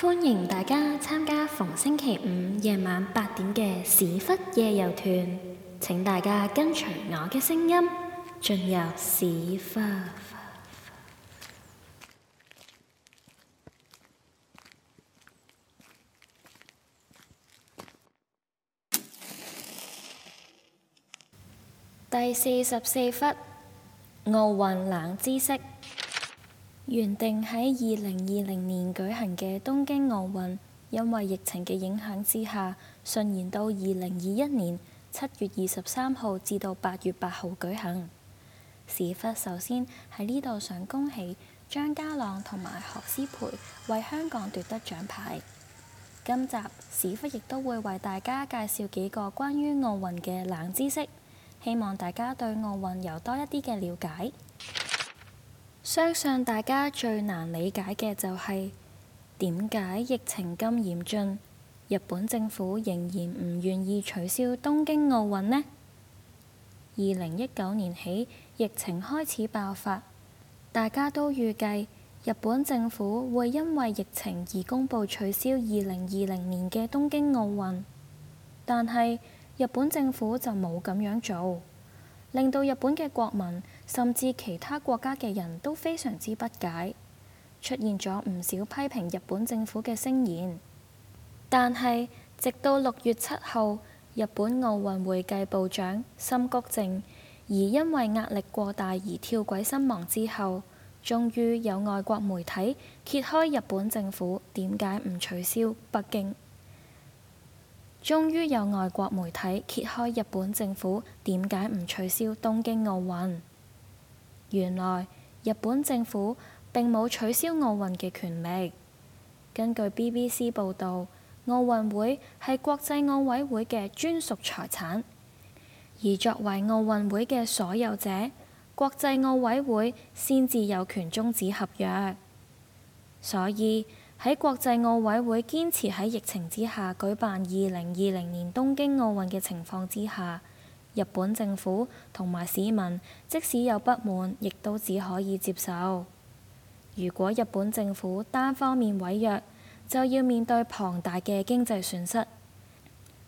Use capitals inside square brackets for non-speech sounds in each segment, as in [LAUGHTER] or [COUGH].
歡迎大家參加逢星期五夜晚八點嘅屎忽夜遊團。請大家跟隨我嘅聲音進入屎忽。 [LAUGHS] 第四十四窟，奧運冷知識。原定喺二零二零年舉行嘅東京奧運，因為疫情嘅影響之下，順延到二零二一年七月二十三號至到八月八號舉行。屎忽首先喺呢度想恭喜張家朗同埋何詩蓓為香港奪得獎牌。今集屎忽亦都會為大家介紹幾個關於奧運嘅冷知識，希望大家對奧運有多一啲嘅了解。相信大家最難理解嘅就係點解疫情咁嚴峻，日本政府仍然唔願意取消東京奧運呢？二零一九年起疫情開始爆發，大家都預計日本政府會因為疫情而公布取消二零二零年嘅東京奧運，但係日本政府就冇咁樣做，令到日本嘅國民。甚至其他國家嘅人都非常之不解，出現咗唔少批評日本政府嘅聲言。但係直到六月七號日，日本奧運會計部長森谷正，而因為壓力過大而跳軌身亡之後，終於有外國媒體揭開日本政府點解唔取消北京，終於有外國媒體揭開日本政府點解唔取消東京奧運。原來日本政府並冇取消奧運嘅權力。根據 BBC 報導，奧運會係國際奧委會嘅專屬財產，而作為奧運會嘅所有者，國際奧委會先至有權終止合約。所以喺國際奧委會堅持喺疫情之下舉辦二零二零年東京奧運嘅情況之下。日本政府同埋市民，即使有不滿，亦都只可以接受。如果日本政府單方面毀約，就要面對龐大嘅經濟損失。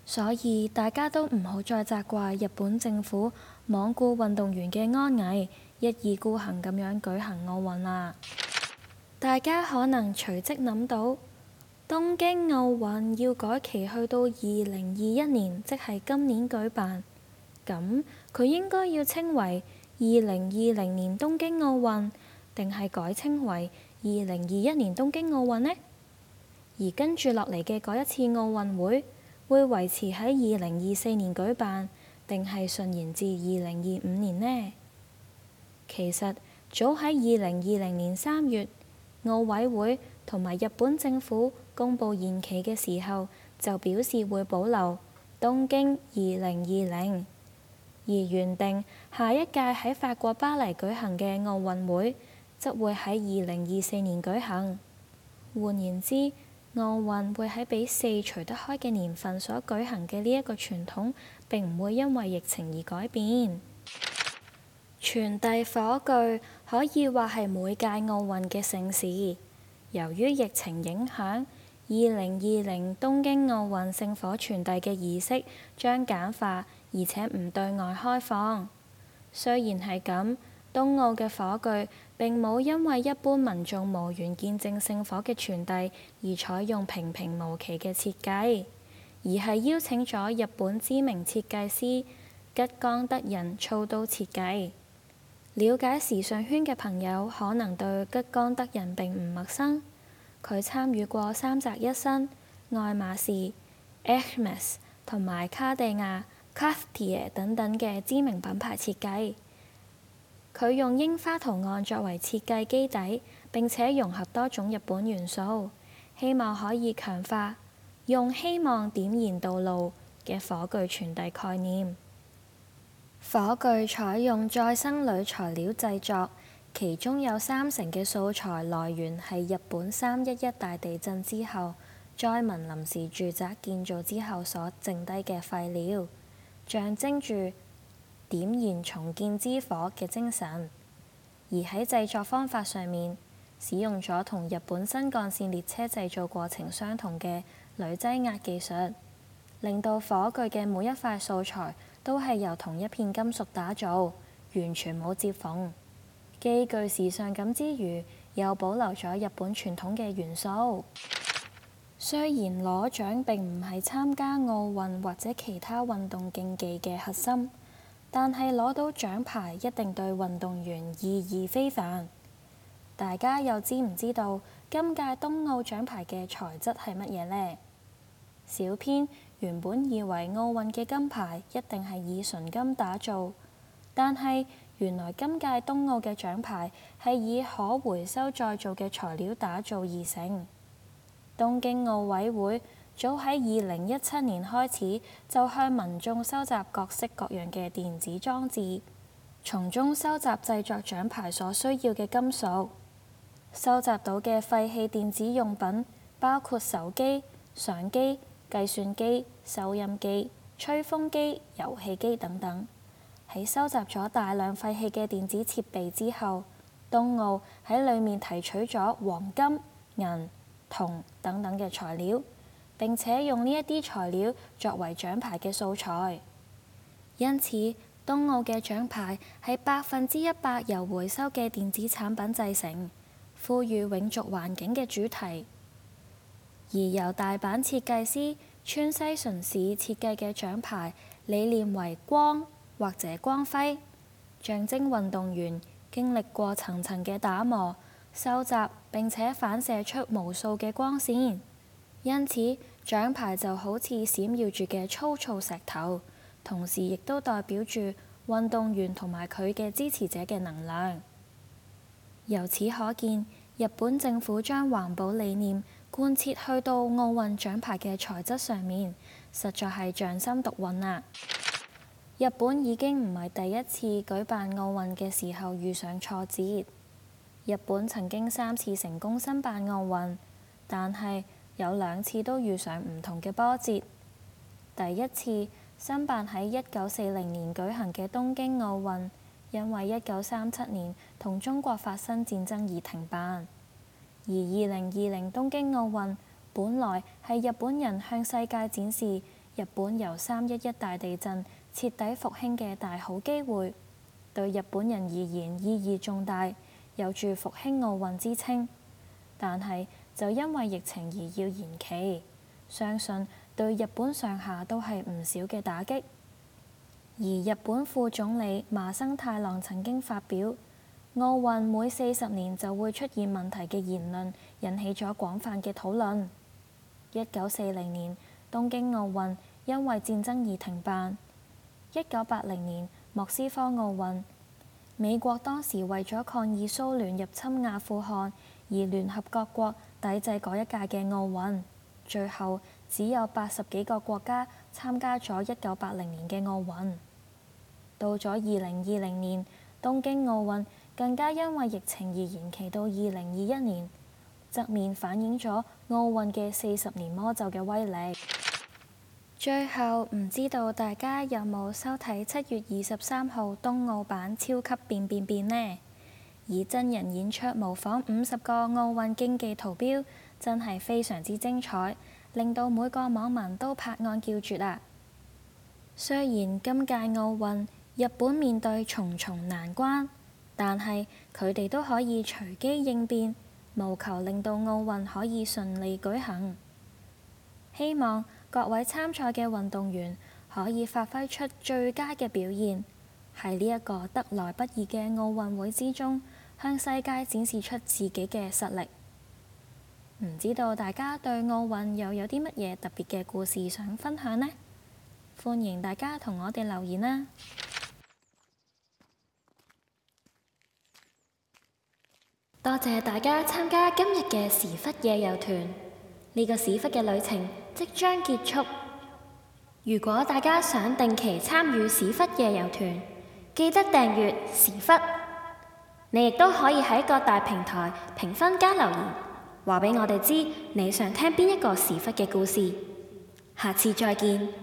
所以大家都唔好再責怪日本政府罔顧運動員嘅安危，一意孤行咁樣舉行奧運啦。大家可能隨即諗到，東京奧運要改期去到二零二一年，即係今年舉辦。咁佢應該要稱為二零二零年東京奧運，定係改稱為二零二一年東京奧運呢？而跟住落嚟嘅嗰一次奧運會，會維持喺二零二四年舉辦，定係順延至二零二五年呢？其實早喺二零二零年三月，奧委會同埋日本政府公布延期嘅時候，就表示會保留東京二零二零。而原定下一屆喺法國巴黎舉行嘅奧運會，則會喺二零二四年舉行。換言之，奧運會喺比四除得開嘅年份所舉行嘅呢一個傳統，並唔會因為疫情而改變。傳遞火炬可以話係每屆奧運嘅盛事。由於疫情影響，二零二零東京奧運聖火傳遞嘅儀式將簡化。而且唔對外開放。雖然係咁，東奧嘅火炬並冇因為一般民眾無緣見證聖火嘅傳遞而採用平平無奇嘅設計，而係邀請咗日本知名設計師吉岡德人操刀設計。了解時尚圈嘅朋友可能對吉岡德人並唔陌生，佢參與過三宅一生、愛馬仕、Acmeus 同埋卡地亞、Cartier 等等嘅知名品牌設計，佢用櫻花圖案作為設計基底，並且融合多種日本元素，希望可以強化用希望點燃道路嘅火炬傳遞概念。火炬採用再生鋁材料製作，其中有三成嘅素材來源係日本三一一大地震之後災民臨時住宅建造之後所剩低嘅廢料。象徵住點燃重建之火嘅精神，而喺製作方法上面，使用咗同日本新幹線列車製造過程相同嘅鋁擠壓技術，令到火炬嘅每一塊素材都係由同一片金屬打造，完全冇接縫，既具時尚感之餘，又保留咗日本傳統嘅元素。雖然攞獎並唔係參加奧運或者其他運動競技嘅核心，但係攞到獎牌一定對運動員意義非凡。大家又知唔知道今屆東奧獎牌嘅材質係乜嘢呢？小編原本以為奧運嘅金牌一定係以純金打造，但係原來今屆東奧嘅獎牌係以可回收再造嘅材料打造而成。東京奧委會早喺二零一七年開始就向民眾收集各式各樣嘅電子裝置，從中收集製作獎牌所需要嘅金屬。收集到嘅廢棄電子用品包括手機、相機、計算機、收音機、吹風機、遊戲機等等。喺收集咗大量廢棄嘅電子設備之後，東奧喺裡面提取咗黃金、銀。同等等嘅材料，並且用呢一啲材料作為獎牌嘅素材。因此，東奧嘅獎牌係百分之一百由回收嘅電子產品製成，賦予永續環境嘅主題。而由大阪設計師川西純市設計嘅獎牌，理念為光或者光輝，象徵運動員經歷過層層嘅打磨。收集並且反射出無數嘅光線，因此獎牌就好似閃耀住嘅粗糙石頭，同時亦都代表住運動員同埋佢嘅支持者嘅能量。由此可見，日本政府將環保理念貫徹去到奧運獎牌嘅材質上面，實在係匠心獨運啊！日本已經唔係第一次舉辦奧運嘅時候遇上挫折。日本曾經三次成功申辦奧運，但係有兩次都遇上唔同嘅波折。第一次申辦喺一九四零年舉行嘅東京奧運，因為一九三七年同中國發生戰爭而停辦。而二零二零東京奧運本來係日本人向世界展示日本由三一一大地震徹底復興嘅大好機會，對日本人而言意義重大。有住復興奧運之稱，但係就因為疫情而要延期，相信對日本上下都係唔少嘅打擊。而日本副總理麻生太郎曾經發表奧運每四十年就會出現問題嘅言論，引起咗廣泛嘅討論。一九四零年東京奧運因為戰爭而停辦，一九八零年莫斯科奧運。美國當時為咗抗議蘇聯入侵阿富汗而聯合各國抵制嗰一屆嘅奧運，最後只有八十幾個國家參加咗一九八零年嘅奧運。到咗二零二零年東京奧運，更加因為疫情而延期到二零二一年，側面反映咗奧運嘅四十年魔咒嘅威力。最後唔知道大家有冇收睇七月二十三號東奧版《超級變變變》呢？以真人演出模仿五十個奧運競技圖標，真係非常之精彩，令到每個網民都拍案叫絕啊！雖然今屆奧運日本面對重重難關，但係佢哋都可以隨機應變，務求令到奧運可以順利舉行。希望。各位參賽嘅運動員可以發揮出最佳嘅表現，喺呢一個得來不易嘅奧運會之中，向世界展示出自己嘅實力。唔知道大家對奧運又有啲乜嘢特別嘅故事想分享呢？歡迎大家同我哋留言啦！多謝大家參加今日嘅屎忽夜遊團，呢個屎忽嘅旅程。即將結束。如果大家想定期參與屎忽夜遊團，記得訂閱屎忽。你亦都可以喺各大平台評分加留言，話俾我哋知你想聽邊一個屎忽嘅故事。下次再見。